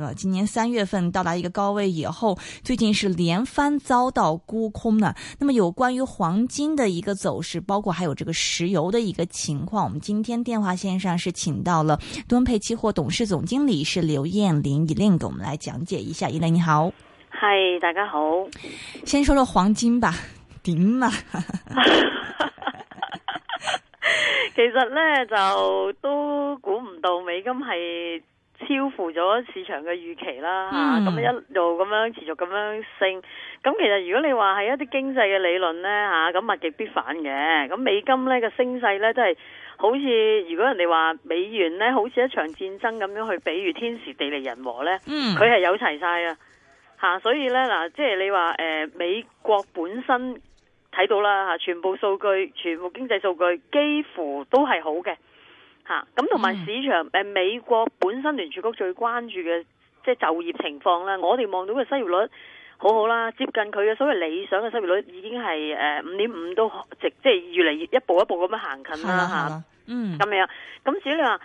了。今年三月份到達一個高位以後，最近是連番遭到沽空的。那麼有關於黃金的一個走勢，包括還有這個石油的一個情況，我們今天電話線上是請到了敦沛期貨董事總經理是劉艷玲以玲，給我們來講解一下。以玲你好，嗨，大家好。先說說黃金吧，頂嘛。 其實呢，就都估唔到美金係。超乎咗市場嘅預期啦嚇，咁、嗯、一路咁樣持續咁樣升，咁其實如果你話係一啲經濟嘅理論呢，嚇、啊，咁物極必反嘅，咁美金呢個升勢呢，都係好似如果人哋話美元呢，好似一場戰爭咁樣去比喻天時地利人和呢，佢係、嗯、有齊晒啊嚇，所以呢，嗱，即係你話誒美國本身睇到啦嚇、啊，全部數據、全部經濟數據幾乎都係好嘅。吓，咁同埋市場誒、嗯、美國本身聯儲局最關注嘅即係就業情況啦，我哋望到嘅失業率好好啦，接近佢嘅所謂理想嘅失業率已經係誒五點五都直即係越嚟越一步一步咁樣行近啦嚇、啊啊，嗯，咁樣，咁至於你話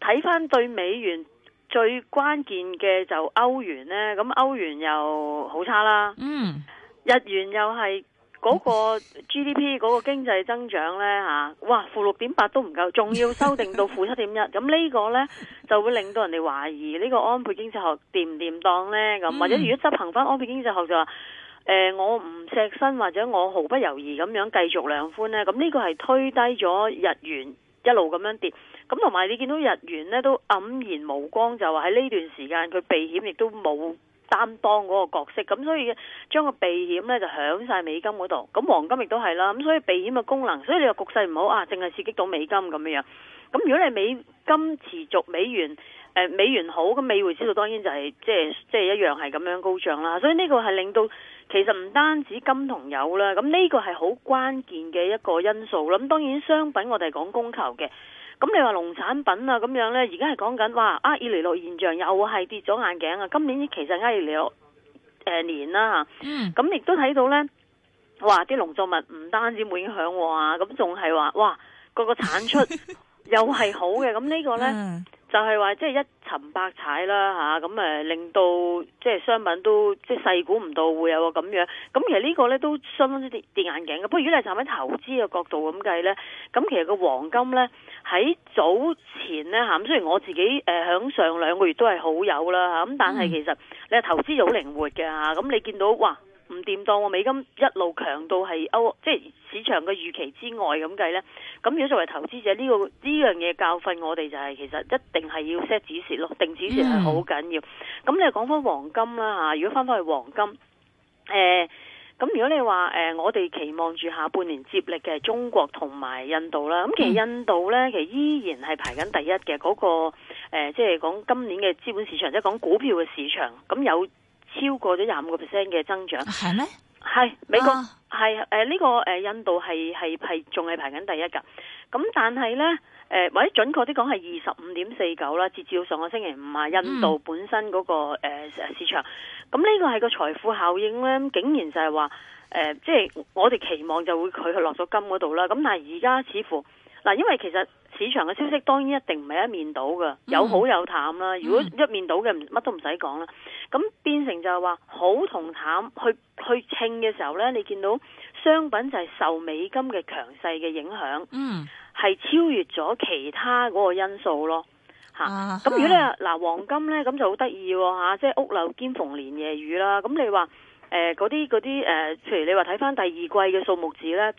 睇翻對美元最關鍵嘅就歐元咧，咁歐元又好差啦，嗯，日元又係。嗰個 GDP 嗰個經濟增長呢，吓，哇負六點八都唔夠，仲要修訂到負七點一，咁呢個呢，就會令到人哋懷疑呢、呢個安倍經濟學掂唔掂當呢？咁，或者如果執行翻安倍經濟學就話、呃，我唔錫身或者我毫不猶豫咁樣繼續量寬呢。咁呢個係推低咗日元一路咁樣跌，咁同埋你見到日元呢，都黯然無光，就話喺呢段時間佢避險亦都冇。擔當嗰個角色，咁所以將個避險呢就響曬美金嗰度，咁黃金亦都係啦，咁所以避險嘅功能，所以你話局勢唔好啊，淨係刺激到美金咁樣樣，咁如果你美金持續美元、呃、美元好，咁美匯指數當然就係即係即係一樣係咁樣高漲啦，所以呢個係令到其實唔單止金同油啦，咁呢個係好關鍵嘅一個因素啦，咁當然商品我哋講供求嘅。咁你話農產品啊咁樣呢，而家係講緊哇厄爾尼諾現象又係跌咗眼鏡啊！今年其實厄爾尼諾年啦、啊，咁亦都睇到呢，哇！啲農作物唔單止冇影響喎、啊，咁仲係話哇，個個產出 又係好嘅，咁呢個呢。嗯就係話即係一沉百踩啦嚇，咁誒令到即係商品都即係細估唔到會有個咁樣。咁其實呢個咧都相當之跌跌眼鏡嘅。不過如果你站喺投資嘅角度咁計咧，咁其實個黃金咧喺早前咧嚇，雖然我自己誒響上兩個月都係好友啦嚇，咁但係其實你係投資就好靈活嘅嚇。咁你見到哇？唔掂，當我美金一路強到係歐，即、就、係、是、市場嘅預期之外咁計呢。咁如果作為投資者呢、這個呢樣嘢教訓我哋就係、是，其實一定係要 set 止蝕咯，定止蝕係好緊要。咁你講翻黃金啦嚇，如果翻翻去黃金，誒、呃、咁如果你話誒、呃，我哋期望住下半年接力嘅中國同埋印度啦。咁其實印度呢，其實依然係排緊第一嘅嗰、那個即係講今年嘅資本市場，即係講股票嘅市場咁、嗯、有。超過咗廿五個 percent 嘅增長係咩？係嗎美國係誒呢個誒印度係係係仲係排緊第一㗎。咁但係咧誒，或者準確啲講係二十五點四九啦，截至到上個星期五啊，印度本身嗰、那個誒、呃、市場，咁呢、嗯、個係個財富效應咧，竟然就係話誒即係我哋期望就會佢落咗金嗰度啦。咁但係而家似乎嗱，因為其實。市場嘅消息當然一定唔係一面倒嘅，嗯、有好有淡啦。如果一面倒嘅，乜都唔使講啦。咁變成就係話好同淡去去稱嘅時候呢，你見到商品就係受美金嘅強勢嘅影響，嗯，係超越咗其他嗰個因素咯。吓、啊、咁、啊、如果你嗱黃金呢，咁就好得意吓，即係屋漏兼逢連夜雨啦。咁你話誒嗰啲嗰啲誒、譬、呃、如、呃、你話睇翻第二季嘅數目字呢。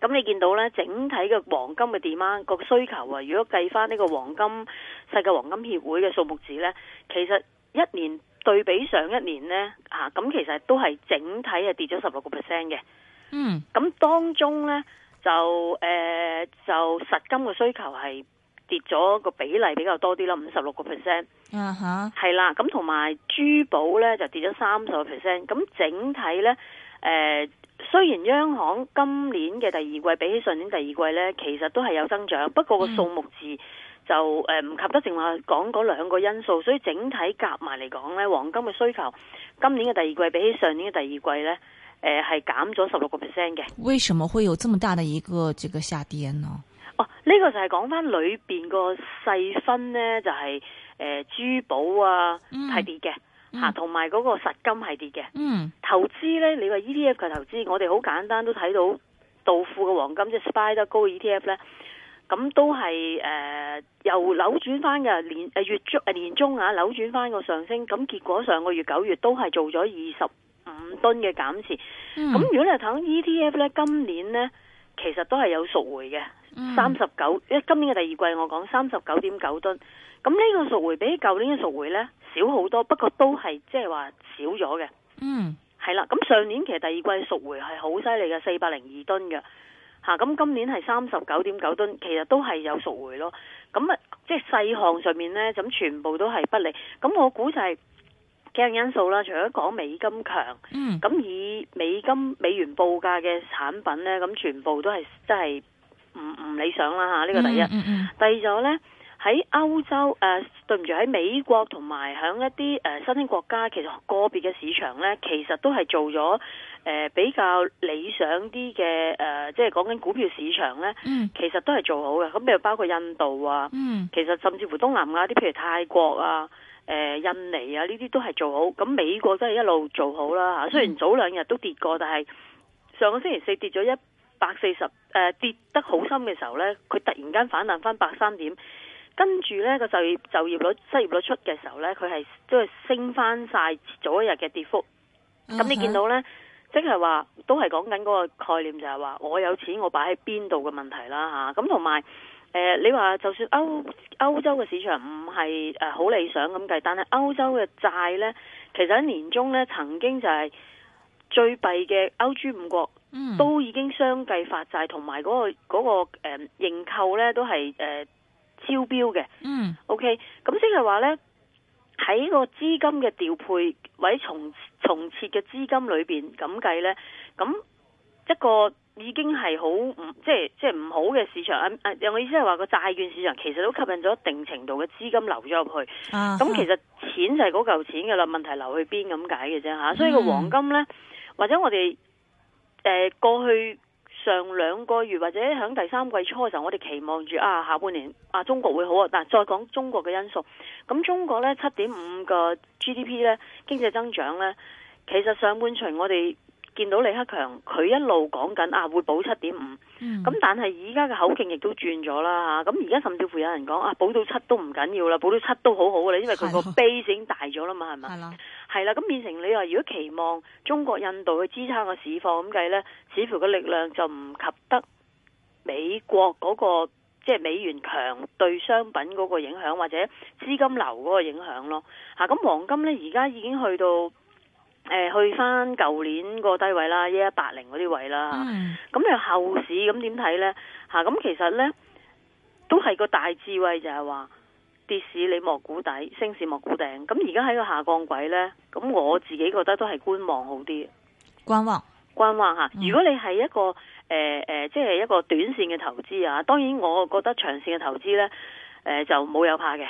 咁你見到咧，整體嘅黃金嘅 demand 個需求啊，如果計翻呢個黃金世界黃金協會嘅數目字咧，其實一年對比上一年咧，嚇、啊、咁其實都係整體係跌咗十六個 percent 嘅。嗯，咁當中咧就誒、呃、就實金嘅需求係跌咗個比例比較多啲啦，五十六個 percent。嗯係啦，咁同埋珠寶咧就跌咗三十個 percent。咁整體咧誒。呃雖然央行今年嘅第二季比起上年的第二季呢，其實都係有增長，不過個數目字就誒唔及得淨話講嗰兩個因素，所以整體夾埋嚟講呢，黃金嘅需求今年嘅第二季比起上年嘅第二季呢，誒係減咗十六個 percent 嘅。為什麼會有這麼大的一個這個下跌呢？哦、啊，呢、這個就係講翻裏邊個細分呢、就是，就係誒珠寶啊，係、嗯、跌嘅。吓，同埋嗰個實金係跌嘅。嗯，投資咧，你話 E T F 嘅投資，我哋好簡單都睇到道富嘅黃金即係 s p i d e r 高 E T F 咧，咁都係誒，由、呃、扭轉翻嘅年誒月中誒年中啊扭轉翻個上升，咁結果上個月九月都係做咗二十五噸嘅減持。咁、嗯、如果你睇 E T F 咧，今年咧。其實都係有贖回嘅，三十九，因為今年嘅第二季我講三十九點九噸，咁呢個贖回比舊年嘅贖回呢，少好多，不過都係即係話少咗嘅，嗯，係啦，咁上年其實第二季贖回係好犀利嘅，四百零二噸嘅，吓，咁今年係三十九點九噸，其實都係有贖回咯，咁啊，即係細項上面呢，咁全部都係不利，咁我估就係、是。幾樣因素啦，除咗講美金強，咁、嗯、以美金美元報價嘅產品咧，咁全部都係真係唔唔理想啦吓，呢、呢個第一。嗯嗯嗯、第二就咧喺歐洲誒、呃，對唔住喺美國同埋響一啲誒新興國家，其實個別嘅市場咧，其實都係做咗誒、呃、比較理想啲嘅，誒，即係講緊股票市場咧，其實都係做好嘅。咁譬、嗯、如包括印度啊，嗯、其實甚至乎東南亞啲，譬如泰國啊。誒、呃、印尼啊，呢啲都係做好，咁美國都係一路做好啦吓。雖然早兩日都跌過，嗯、但係上個星期四跌咗一百四十，誒跌得好深嘅時候呢，佢突然間反彈翻百三點，跟住呢個就業就業率失業率出嘅時候呢，佢係都係升翻曬早一日嘅跌幅。咁、嗯、哼你見到呢，即係話都係講緊嗰個概念就，就係話我有錢我擺喺邊度嘅問題啦吓，咁同埋。呃、你話就算歐，歐洲嘅市場唔係誒好理想咁計，但係歐洲嘅債呢，其實喺年中呢曾經就係最弊嘅歐豬五國，嗯、都已經相繼發債，同埋嗰個嗰、嗰個誒認、呃、購呢都係、呃、超標嘅，嗯，OK，咁即係話呢，喺個資金嘅調配或者重重設嘅資金裏邊咁計呢，咁一個。已經係好唔即係即係唔好嘅市場啊！啊，我意思係話個債券市場其實都吸引咗一定程度嘅資金流咗入去。咁、uh huh. 其實錢就係嗰嚿錢噶啦，問題流去邊咁解嘅啫吓。所以個黃金呢，mm hmm. 或者我哋誒、呃、過去上兩個月或者響第三季初嘅時候，我哋期望住啊下半年啊中國會好啊。嗱，再講中國嘅因素，咁中國呢，七點五個 GDP 呢，經濟增長呢，其實上半旬我哋。見到李克強，佢一路講緊啊，會保七點五。咁但係而家嘅口徑亦都轉咗啦嚇。咁而家甚至乎有人講啊，保到七都唔緊要啦，保到七都好好噶啦，因為佢個 base 已經大咗啦嘛，係咪？係啦的，係啦。咁變成你話，如果期望中國、印度去支撐個市況咁計呢，似乎個力量就唔及得美國嗰個即係美元強對商品嗰個影響，或者資金流嗰個影響咯。嚇，咁黃金呢，而家已經去到。誒，去翻舊年個低位啦，一一八零嗰啲位啦，咁你後市咁點睇呢？吓，咁其實呢，都係個大智慧就係話，跌市你莫估底，升市莫估頂。咁而家喺個下降軌呢，咁我自己覺得都係觀望好啲觀望，觀望吓。嗯、如果你係一個誒誒，即、呃、係、呃就是、一個短線嘅投資啊，當然我覺得長線嘅投資呢，誒、呃、就冇有怕嘅。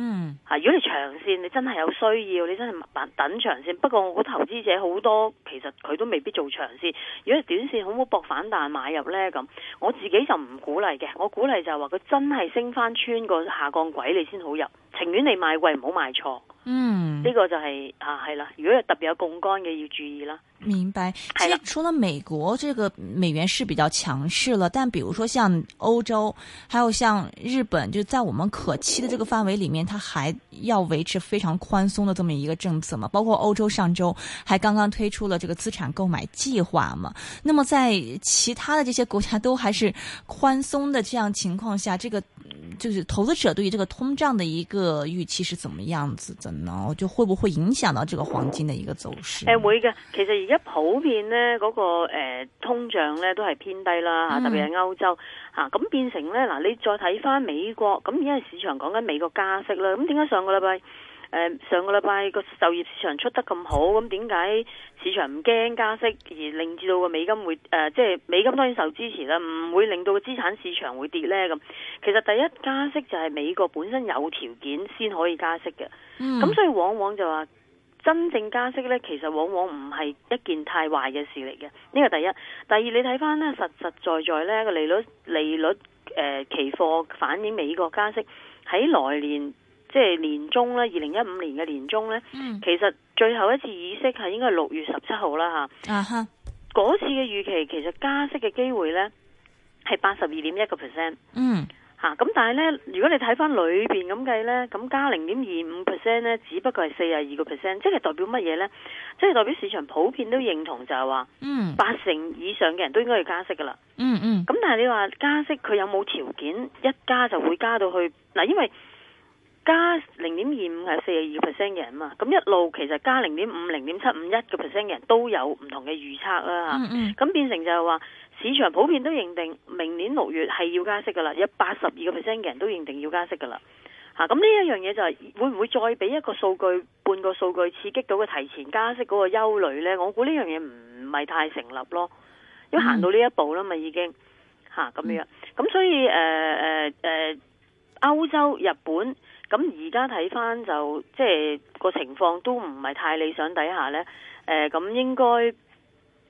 嗯，吓如果你長線你真係有需要，你真係等長線。不過我覺得投資者好多，其實佢都未必做長線。如果你短線，好唔好搏反彈買入呢？咁我自己就唔鼓勵嘅。我鼓勵就係話佢真係升翻穿個下降軌，你先好入。情願你買貴，唔好買錯。錯，嗯，呢個就係、是、啊係啦，如果有特別有槓桿嘅要注意啦。明白。其實除了美國這個美元是比較強勢了，但比如說像歐洲，還有像日本，就在我們可期的這個範圍裏面，它還要維持非常寬鬆的這麼一個政策嘛？包括歐洲上周還剛剛推出了這個資產購買計劃嘛？那麼在其他的這些國家都還是寬鬆的這樣情況下，這個。就是投資者對於這個通脹的一個預期是怎麼樣子的呢？就會不會影響到這個黃金的一個走勢？誒、呃、會嘅，其實而家普遍呢、那個誒、呃、通脹呢都係偏低啦吓，特別係歐洲吓，咁、嗯啊、變成呢嗱，你再睇翻美國，咁而家市場講緊美國加息啦，咁點解上個禮拜？誒，上個禮拜個就業市場出得咁好，咁點解市場唔驚加息而令至到個美金會誒，即、呃、係、就是、美金當然受支持啦，唔會令到個資產市場會跌呢。咁。其實第一加息就係美國本身有條件先可以加息嘅，咁、嗯、所以往往就話真正加息呢，其實往往唔係一件太壞嘅事嚟嘅。呢、這個第一，第二你睇翻呢，實實在在，在呢個利率利率、呃、期貨反映美國加息喺來年。即係年中咧，二零一五年嘅年中咧，嗯、其實最後一次議息係應該係六月十七號啦，吓嗰、啊、哈次嘅預期其實加息嘅機會咧係八十二點一個 percent，嗯吓咁，但係咧如果你睇翻裏邊咁計咧，咁加零點二五 percent 咧，只不過係四十二個 percent，即係代表乜嘢咧？即係代表市場普遍都認同就係話，八成以上嘅人都應該要加息噶啦、嗯，嗯嗯，咁但係你話加息佢有冇條件一加就會加到去嗱？因為加零點二五係四十二 percent 嘅人嘛，咁一路其實加零點五、零點七五一個 percent 嘅人都有唔同嘅預測啦咁、mm hmm. 啊、變成就係話市場普遍都認定明年六月係要加息嘅啦，有八十二個 percent 嘅人都認定要加息嘅啦嚇，咁呢一樣嘢就係會唔會再俾一個數據、半個數據刺激到佢提前加息嗰個憂慮咧？我估呢樣嘢唔係太成立咯，因為行到呢一步啦嘛，已經嚇咁、啊、樣、啊，咁所以誒誒誒歐洲、日本。咁而家睇翻就即係個情況都唔係太理想底下呢。誒、呃，咁應該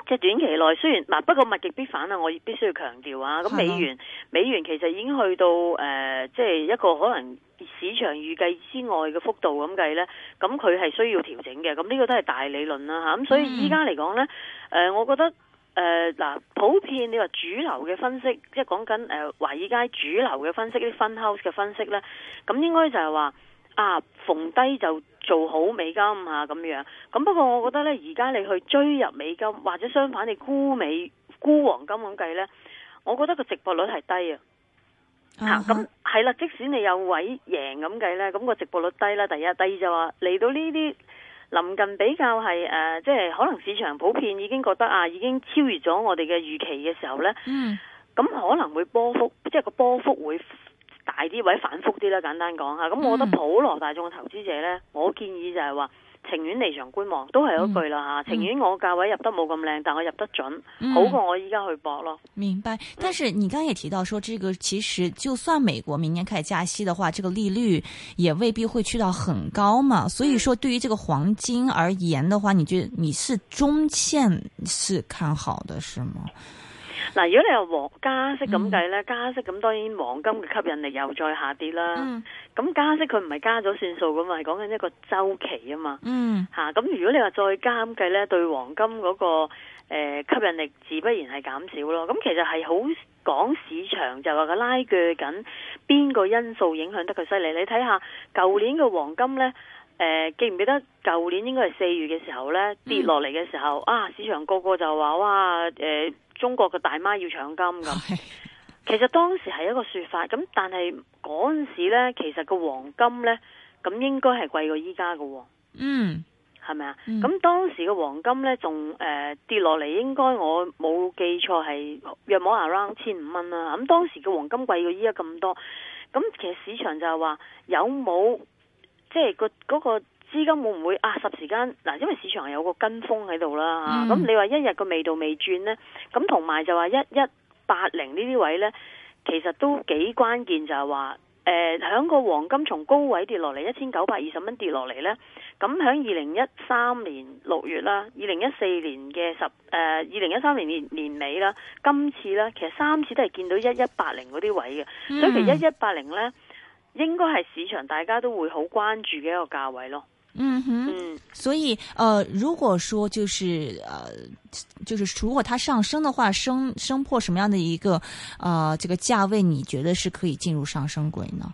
即係短期內雖然，嗱，不過物極必反啊，我必須要強調啊。咁美元，的美元其實已經去到誒、呃，即係一個可能市場預計之外嘅幅度咁計呢。咁佢係需要調整嘅。咁呢個都係大理論啦、啊，吓咁所以依家嚟講呢，誒、呃，我覺得。誒，嗱、呃，普遍你話主流嘅分析，即係講緊誒，華、呃、爾街主流嘅分析，啲 fund house 嘅分析呢，咁應該就係話啊，逢低就做好美金吓、啊、咁樣。咁不過我覺得呢，而家你去追入美金，或者相反你沽美沽黃金咁計呢，我覺得個值博率係低、uh huh. 啊。咁係啦，即使你有位贏咁計呢，咁、個值博率低啦。第一，第二就話嚟到呢啲。臨近比較係誒、呃，即係可能市場普遍已經覺得啊，已經超越咗我哋嘅預期嘅時候咧，咁、mm. 可能會波幅，即係個波幅會大啲，或者反覆啲啦。簡單講吓，咁我覺得普羅大眾嘅投資者咧，我建議就係話。情願離場觀望，都係嗰句啦吓。嗯、情願我價位入得冇咁靚，但我入得準，嗯、好過我依家去搏咯。明白。但是你剛剛也提到說，這個其實就算美國明年開始加息的話，這個利率也未必會去到很高嘛。所以說，對於這個黃金而言的話，你覺得你是中線是看好的，是嗎？嗱，如果你話黃加息咁計呢，加息咁當然黃金嘅吸引力又再下跌啦。咁、嗯、加息佢唔係加咗算數㗎嘛，係講緊一個周期啊嘛。咁、嗯、如果你話再加計呢，對黃金嗰個吸引力自不然係減少咯。咁其實係好講市場，就話佢拉鋸緊邊個因素影響得佢犀利。你睇下舊年嘅黃金呢。誒、呃，記唔記得舊年應該係四月嘅時候呢，跌落嚟嘅時候、嗯、啊，市場個個就話哇，誒、呃，中國嘅大媽要搶金咁。 其實當時係一個說法，咁但係嗰陣時呢，其實個黃金呢，咁應該係貴過依家嘅。嗯，係咪啊？咁、嗯、當時嘅黃金呢，仲誒、呃、跌落嚟、啊，應該我冇記錯係約莫 around 千五蚊啦。咁當時嘅黃金貴過依家咁多，咁其實市場就係話有冇？即係、嗰個嗰個資金會唔會啊？霎時間嗱，因為市場有個跟風喺度啦，咁你話一日個味道未轉呢？咁同埋就話一一八零呢啲位呢，其實都幾關鍵，就係話誒，響個黃金從高位跌落嚟一千九百二十蚊跌落嚟呢。咁響二零一三年六月啦，二零一四年嘅十誒，二零一三年年年尾啦，今次呢，其實三次都係見到一一八零嗰啲位嘅，所以其實一一八零呢。嗯應該係市場大家都會好關注嘅一個價位咯。嗯哼，嗯，所以，誒、呃，如果說就是，誒、呃，就是如果它上升的話，升升破什麼樣的一個，啊、呃，這個價位，你覺得是可以進入上升軌呢？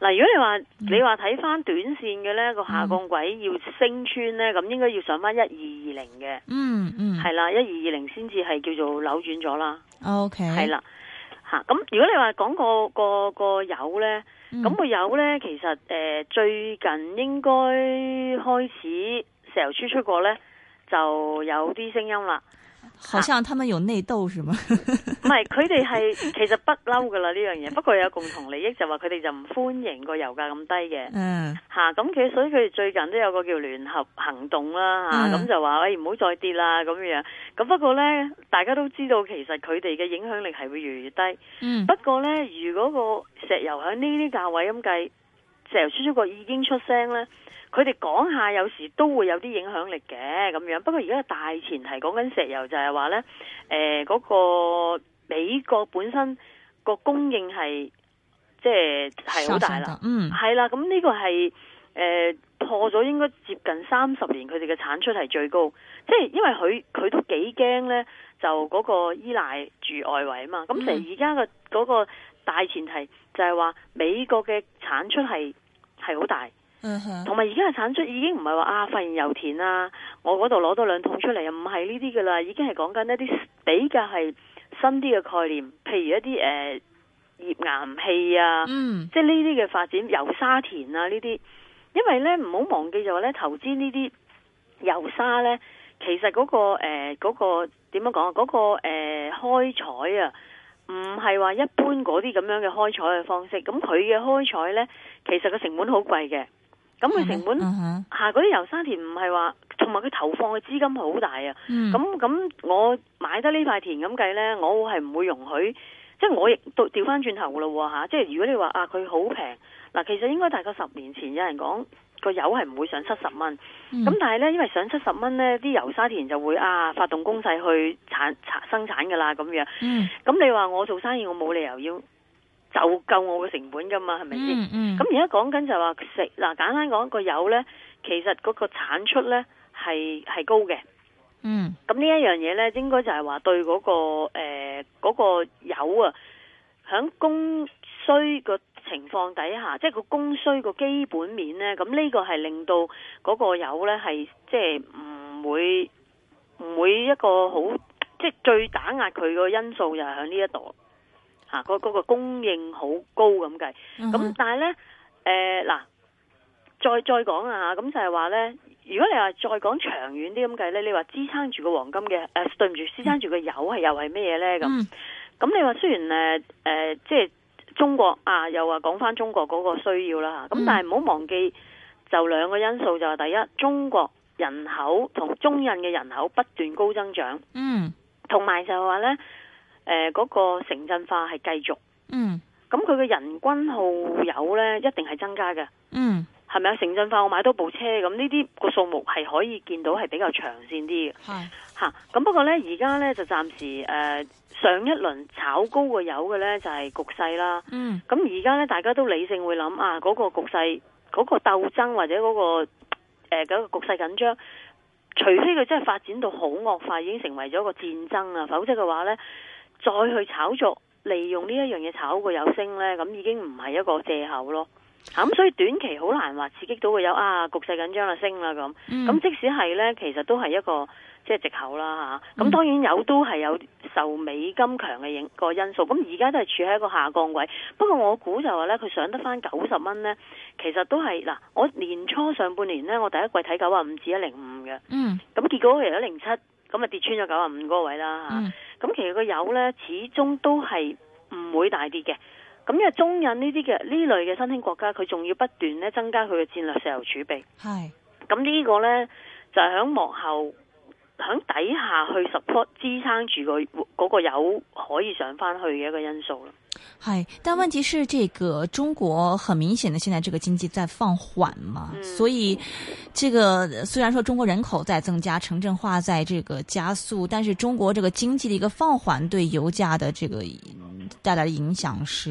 嗱，如果你話，你話睇翻短線嘅呢個、嗯、下降軌要升穿呢，咁應該要上翻一二二零嘅。嗯嗯，係啦，一二二零先至係叫做扭轉咗、啊 okay. 啦。OK，係啦。嗯嗯、咁如果你話講個個個油咧，咁、個油咧，其實、呃、最近應該開始石油輸出過呢，就有啲聲音啦。好像他們有內鬥是嗎？唔 係，佢哋係其實不嬲噶啦呢樣嘢，不過有共同利益就話佢哋就唔歡迎個油價咁低嘅。嗯，吓咁、啊，其實所以佢哋最近都有個叫聯合行動啦，吓、啊、咁就話喂，唔、哎、唔好再跌啦咁樣。咁不過呢，大家都知道其實佢哋嘅影響力係會越嚟越低。嗯，不過呢，如果個石油喺呢啲價位咁計。石油輸出國已經出聲呢，佢哋講下有時都會有啲影響力嘅咁樣。不過而家嘅大前提講緊石油就係話呢，誒嗰個美國本身個供應係即係係好大啦，嗯，係啦。咁呢個係誒、呃、破咗應該接近三十年佢哋嘅產出係最高，即係因為佢佢都幾驚呢，就嗰個依賴住外圍啊嘛。咁成而家嘅嗰個大前提就係話美國嘅產出係。係好大，同埋而家嘅產出已經唔係話啊發現油田啊，我嗰度攞多兩桶出嚟，又唔係呢啲噶啦，已經係講緊一啲比較係新啲嘅概念，譬如一啲誒頁岩氣啊，嗯、即係呢啲嘅發展油砂田啊呢啲，因為呢，唔好忘記就話咧投資呢啲油砂呢，其實嗰、那個誒嗰、呃那個點樣講、那個呃、啊，嗰個誒開採啊。唔係話一般嗰啲咁樣嘅開採嘅方式，咁佢嘅開採呢，其實個成本好貴嘅。咁佢成本、uh huh. 下嗰啲油沙田唔係話，同埋佢投放嘅資金好大啊。咁咁、uh huh.，我買得呢塊田咁計呢，我係唔會容許，即係我亦都調翻轉頭咯吓。即係如果你話啊，佢好平嗱，其實應該大概十年前有人講。個油係唔會上七十蚊，咁、嗯、但係呢，因為上七十蚊呢啲油砂田就會啊發動攻勢去產，產生產噶啦咁樣，咁、嗯嗯、你話我做生意，我冇理由要就夠我嘅成本噶嘛，係咪先？咁而家講緊就係話食嗱，簡單講個油呢其實嗰個產出呢係係高嘅，嗯，咁呢一樣嘢呢應該就係話對嗰、嗰個誒、呃嗰個油啊，響供需個，情況底下，即係個供需個基本面咧，咁呢個係令到嗰個油咧係即係唔會唔會一個好，即係最打壓佢個因素就係喺呢一度嚇，嗰、啊那個那個供應好高咁計。咁、嗯、哼但係咧，誒、呃、嗱，再再講啊嚇，咁就係話咧，如果你話再講長遠啲咁計咧，你話支撐住個黃金嘅誒、呃，對唔住，支撐住個油係又係咩嘢咧咁？咁、嗯、你話雖然誒誒、呃，即係。中國啊，又話講翻中國嗰個需要啦，咁但係唔好忘記，就兩個因素就係第一，中國人口同中印嘅人口不斷高增長，嗯，同埋就係話呢，誒、呃、嗰、那個城鎮化係繼續，嗯，咁佢嘅人均耗油呢，一定係增加嘅，嗯。係咪啊？城鎮化我買多部車，咁呢啲個數目係可以見到係比較長線啲嘅。吓、嗯，咁、啊、不過呢，而家呢就暫時誒、呃，上一輪炒高個油嘅呢，就係、是、局勢啦。嗯，咁而家呢，大家都理性會諗啊，嗰、那個局勢嗰、那個鬥爭或者嗰、那個誒、呃那個局勢緊張，除非佢真係發展到好惡化，已經成為咗個戰爭啊，否則嘅話呢，再去炒作利用呢一樣嘢炒個油升呢，咁已經唔係一個借口咯。咁、嗯、所以短期好難話刺激到個油啊，局勢緊張啦，升啦咁。咁、嗯、即使係咧，其實都係一個即係借口啦吓。咁、嗯、當然油都係有受美金強嘅影個因素。咁而家都係處喺一個下降位。不過我估就話咧，佢上得翻九十蚊咧，其實都係嗱、啊，我年初上半年咧，我第一季睇九啊五至一零五嘅。嗯。咁結果其實一零七，咁啊跌穿咗九啊五嗰個位啦吓。咁、嗯啊、其實個油咧始終都係唔會大跌嘅。咁因為中印呢啲嘅呢類嘅新興國家，佢仲要不斷咧，增加佢嘅戰略石油儲備，係咁是呢個咧就係、是、喺幕後響底下去 support 支撐住的、那個嗰個油可以上翻去嘅一個因素咯。係，但問題是，這個中國很明顯的，現在這個經濟在放緩嘛，嗯、所以這個雖然說中國人口在增加，城鎮化在這個加速，但是中國這個經濟的一個放緩對油價的這個。帶來的影響是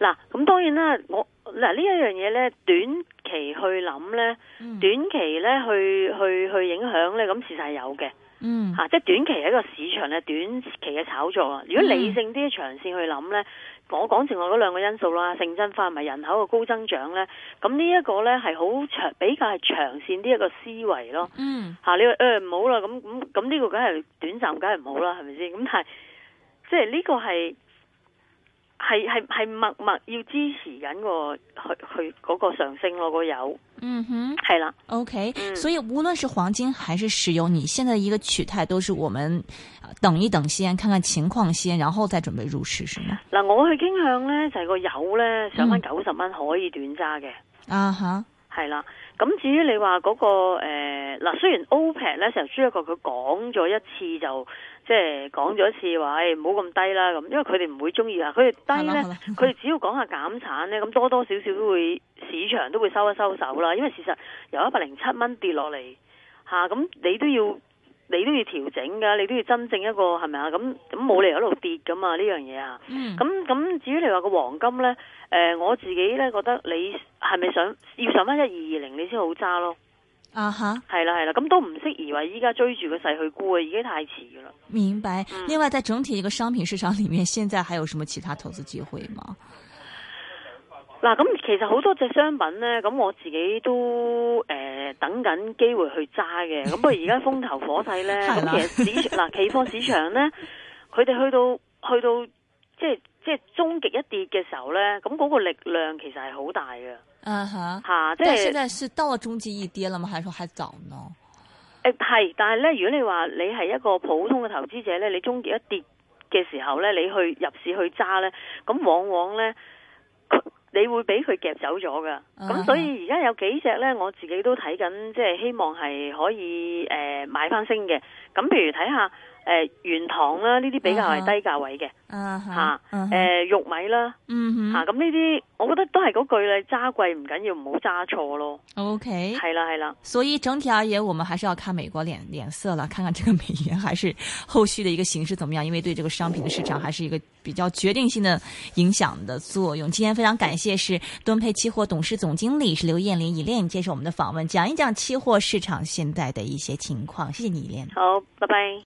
嗱，咁當然啦，我嗱呢一樣嘢咧，短期去諗咧，嗯、短期咧去去去影響咧，咁事實係有嘅，嗯吓、啊，即係短期係一個市場嘅短期嘅炒作啊。如果理性啲長線去諗咧，嗯、我講正話嗰兩個因素啦，城鎮化同埋人口嘅高增長咧，咁呢一個咧係好長，比較係長線啲一個思維咯，嗯吓、啊，你話誒唔好啦，咁咁咁呢個梗係短暫，梗係唔好啦，係咪先？咁但係。即係呢個係係係係默默要支持緊個去去嗰個上升咯個油。嗯哼，係啦，OK，所以無論是黃金還是石油，你現在一個取態都是我們等一等先，看看情況先，然後再準備入市是嗎，是咪？嗱，我去傾向咧就係個油咧上翻九十蚊可以短揸嘅，啊吓，係啦。咁至於你話嗰個誒嗱、呃，雖然 OPEC 咧成日朱一個佢講咗一次就。即係講咗一次話，唔好咁低啦咁，因為佢哋唔會中意啊。佢哋低呢，佢哋 只要講下減產呢，咁多多少少都會市場都會收一收手啦。因為事實由一百零七蚊跌落嚟吓，咁、啊、你都要你都要調整噶，你都要真正一個係咪啊？咁咁冇理由一路跌噶嘛呢樣嘢啊！咁咁 至於你話個黃金呢，呃，我自己呢，覺得你係咪想要上翻一二二零，你先好揸咯。啊吓，係啦係啦，咁、huh. 都唔適宜話依家追住個勢去估啊，已經太遲㗎啦。明白。嗯、另外，在整體一個商品市場裏面，現在還有什麼其他投資機會嗎？嗱，咁其實好多隻商品呢，咁我自己都誒、呃、等緊機會去揸嘅。咁不過而家風頭火勢呢，咁 其實市嗱期貨市場呢，佢哋去到去到即係即係終極一跌嘅時候呢，咁、那、嗰個力量其實係好大嘅。Uh、huh, 啊哈！吓、就是，即係，但係現在是到了終極一跌了嗎？還是說還早呢？誒、呃，係，但係咧，如果你話你係一個普通嘅投資者咧，你終極一跌嘅時候咧，你去入市去揸咧，咁往往咧，你會俾佢夾走咗噶。咁、啊、所以而家有幾隻咧，我自己都睇緊，即、就、係、是、希望係可以誒、呃、買翻升嘅。咁譬如睇下。誒，原糖啦，呢啲、啊、比較係低價位嘅，吓，誒，玉米啦，嗯吓哼，咁呢啲，這些我覺得都係嗰句啦，揸貴唔緊要，唔好揸錯咯。O K，係啦係啦，是所以整體而言，我們還是要看美國臉臉色啦，看看這個美元還是後續的一個形勢怎麼樣，因為對這個商品的市場還是一個比較決定性的影響的作用。今天非常感謝是敦沛期貨董事總經理是劉艷玲，艷玲接受我們的訪問，講一講期貨市場現在的一些情況。謝謝你，艷玲。好，拜拜。